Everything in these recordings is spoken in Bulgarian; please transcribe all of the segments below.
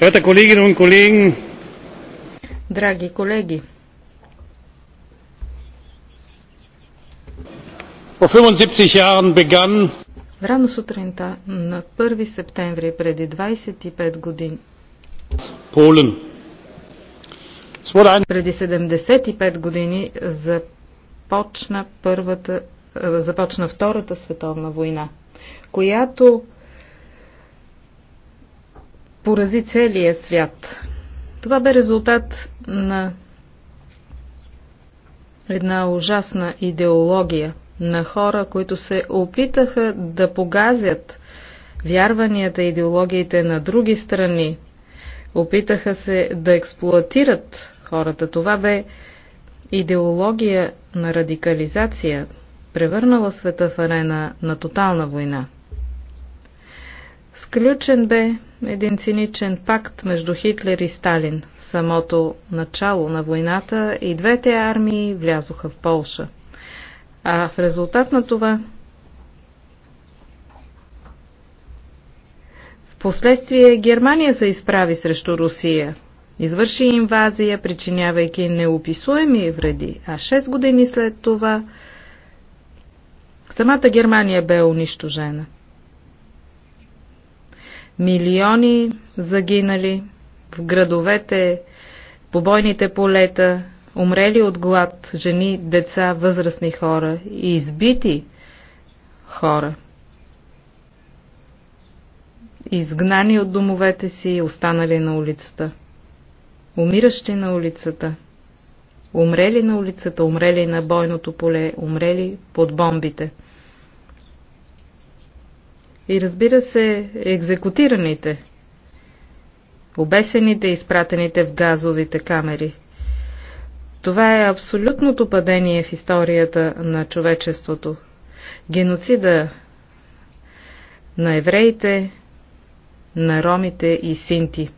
Verehrte Kolleginnen und Kollegen, Драги Kollegi, vor 75 Jahren begann Rano sutrinta, na 1 септември predi 25 години Полен. Преди 75 години започна, първата, започна Втората световна война, която порази целия свят. Това бе резултат на една ужасна идеология на хора, които се опитаха да погазят вярванията и идеологиите на други страни, опитаха се да експлуатират хората. Това бе идеология на радикализация, превърнала света в арена на тотална война. Сключен бе един циничен пакт между Хитлер и Сталин. В самото начало на войната и двете армии влязоха в Полша. А в резултат на това в последствие Германия се изправи срещу Русия. Извърши инвазия, причинявайки неописуеми вреди, а 6 години след това самата Германия бе унищожена милиони загинали в градовете, по бойните полета, умрели от глад, жени, деца, възрастни хора и избити хора. Изгнани от домовете си, останали на улицата. Умиращи на улицата. Умрели на улицата, умрели на бойното поле, умрели под бомбите и разбира се екзекутираните, обесените и изпратените в газовите камери. Това е абсолютното падение в историята на човечеството. Геноцида на евреите, на ромите и синти.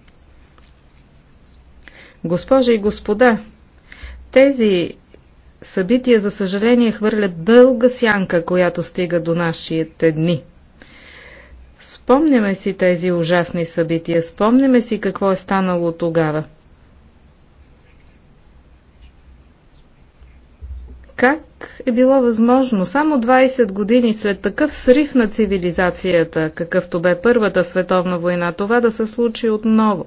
Госпожи и господа, тези събития, за съжаление, хвърлят дълга сянка, която стига до нашите дни. Спомняме си тези ужасни събития, спомняме си какво е станало тогава. Как е било възможно само 20 години след такъв срив на цивилизацията, какъвто бе Първата световна война, това да се случи отново?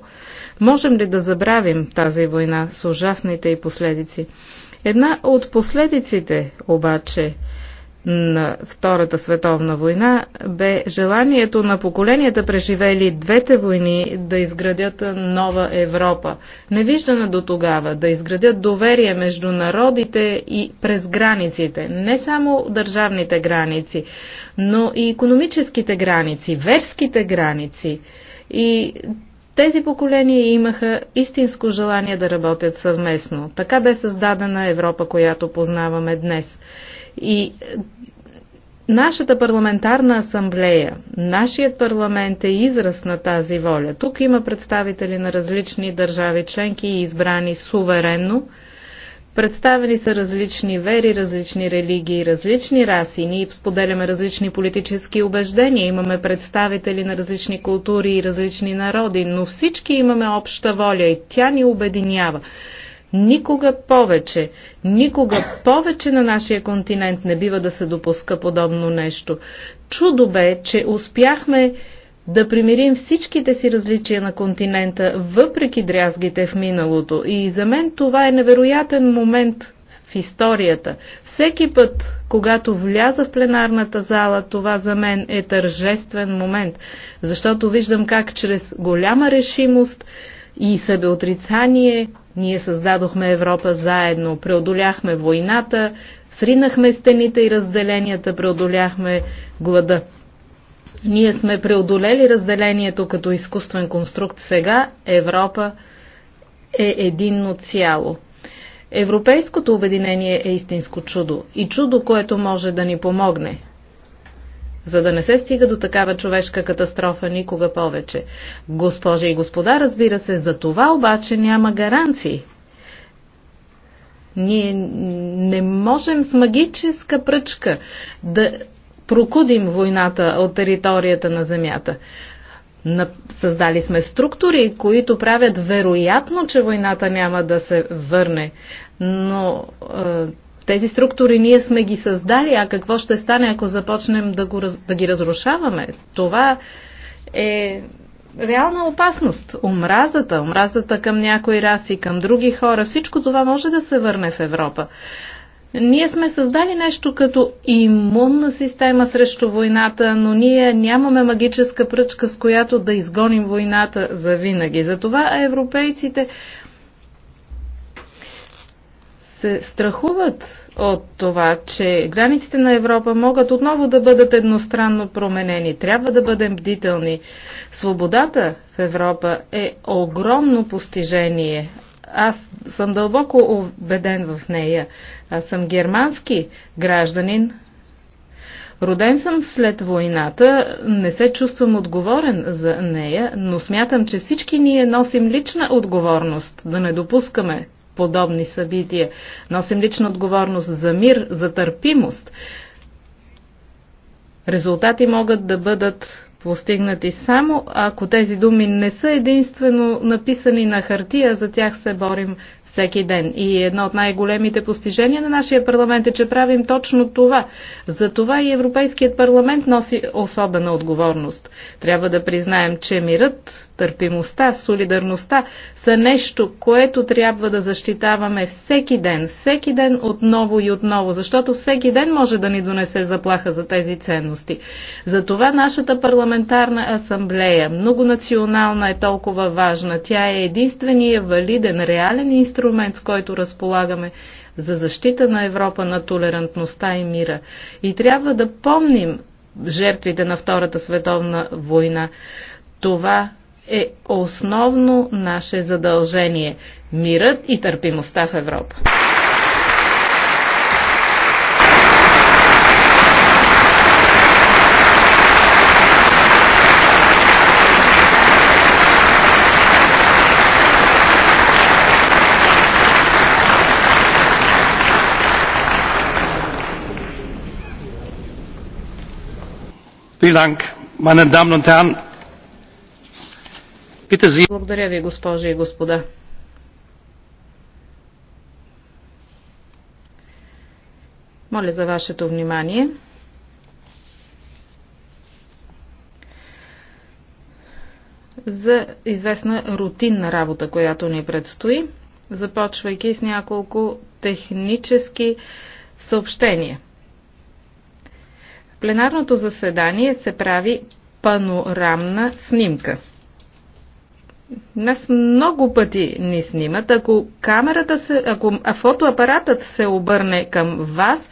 Можем ли да забравим тази война с ужасните и последици? Една от последиците обаче на Втората световна война бе желанието на поколенията, преживели двете войни, да изградят нова Европа. Невиждана до тогава, да изградят доверие между народите и през границите. Не само държавните граници, но и економическите граници, верските граници. И тези поколения имаха истинско желание да работят съвместно. Така бе създадена Европа, която познаваме днес. И е, Нашата парламентарна асамблея, нашият парламент е израз на тази воля. Тук има представители на различни държави членки, избрани суверенно. Представени са различни вери, различни религии, различни раси. Ние споделяме различни политически убеждения. Имаме представители на различни култури и различни народи, но всички имаме обща воля и тя ни обединява. Никога повече, никога повече на нашия континент не бива да се допуска подобно нещо. Чудо бе, че успяхме да примирим всичките си различия на континента, въпреки дрязгите в миналото. И за мен това е невероятен момент в историята. Всеки път, когато вляза в пленарната зала, това за мен е тържествен момент, защото виждам как чрез голяма решимост и себеотрицание, ние създадохме Европа заедно, преодоляхме войната, сринахме стените и разделенията, преодоляхме глада. Ние сме преодолели разделението като изкуствен конструкт. Сега Европа е единно цяло. Европейското обединение е истинско чудо и чудо, което може да ни помогне за да не се стига до такава човешка катастрофа никога повече. Госпожи и господа, разбира се, за това обаче няма гаранции. Ние не можем с магическа пръчка да прокудим войната от територията на Земята. Създали сме структури, които правят вероятно, че войната няма да се върне, но е, тези структури ние сме ги създали, а какво ще стане, ако започнем да, го, да ги разрушаваме? Това е реална опасност. Омразата, омразата към някои раси, към други хора, всичко това може да се върне в Европа. Ние сме създали нещо като имунна система срещу войната, но ние нямаме магическа пръчка, с която да изгоним войната за винаги. Затова европейците се страхуват от това, че границите на Европа могат отново да бъдат едностранно променени. Трябва да бъдем бдителни. Свободата в Европа е огромно постижение. Аз съм дълбоко убеден в нея. Аз съм германски гражданин. Роден съм след войната, не се чувствам отговорен за нея, но смятам, че всички ние носим лична отговорност да не допускаме подобни събития. Носим лична отговорност за мир, за търпимост. Резултати могат да бъдат постигнати само ако тези думи не са единствено написани на хартия, за тях се борим всеки ден. И едно от най-големите постижения на нашия парламент е, че правим точно това. За това и Европейският парламент носи особена отговорност. Трябва да признаем, че мирът, търпимостта, солидарността са нещо, което трябва да защитаваме всеки ден, всеки ден отново и отново, защото всеки ден може да ни донесе заплаха за тези ценности. Затова нашата парламентарна асамблея, многонационална е толкова важна. Тя е единствения валиден, реален инструмент, с който разполагаме за защита на Европа на толерантността и мира. И трябва да помним жертвите на Втората световна война. Това е основно наше задължение – мирът и търпимостта в Европа. Vielen Dank, meine Damen und Herren. Благодаря ви, госпожи и господа. Моля за вашето внимание. За известна рутинна работа, която ни предстои, започвайки с няколко технически съобщения. В пленарното заседание се прави панорамна снимка. Нас много пъти ни снимат. Ако камерата се, ако фотоапаратът се обърне към вас,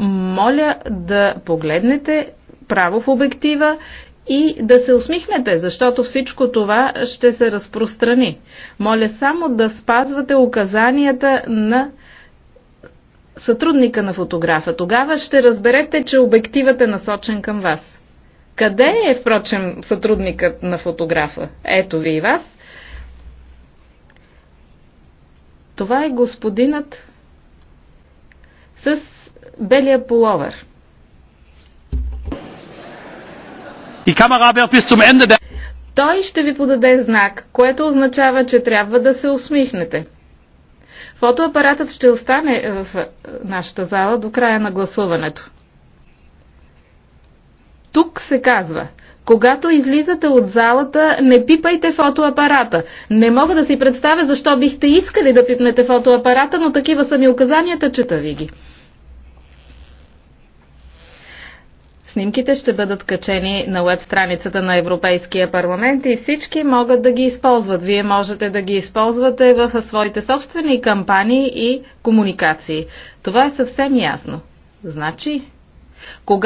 моля да погледнете право в обектива и да се усмихнете, защото всичко това ще се разпространи. Моля само да спазвате указанията на сътрудника на фотографа. Тогава ще разберете, че обективът е насочен към вас. Къде е, впрочем, сътрудникът на фотографа? Ето ви и вас. Това е господинът с белия половер. И камера бе Той ще ви подаде знак, което означава, че трябва да се усмихнете. Фотоапаратът ще остане в нашата зала до края на гласуването. Тук се казва, когато излизате от залата, не пипайте фотоапарата. Не мога да си представя защо бихте искали да пипнете фотоапарата, но такива са ми указанията, чета ви ги. Снимките ще бъдат качени на веб страницата на Европейския парламент и всички могат да ги използват. Вие можете да ги използвате в своите собствени кампании и комуникации. Това е съвсем ясно. Значи, кога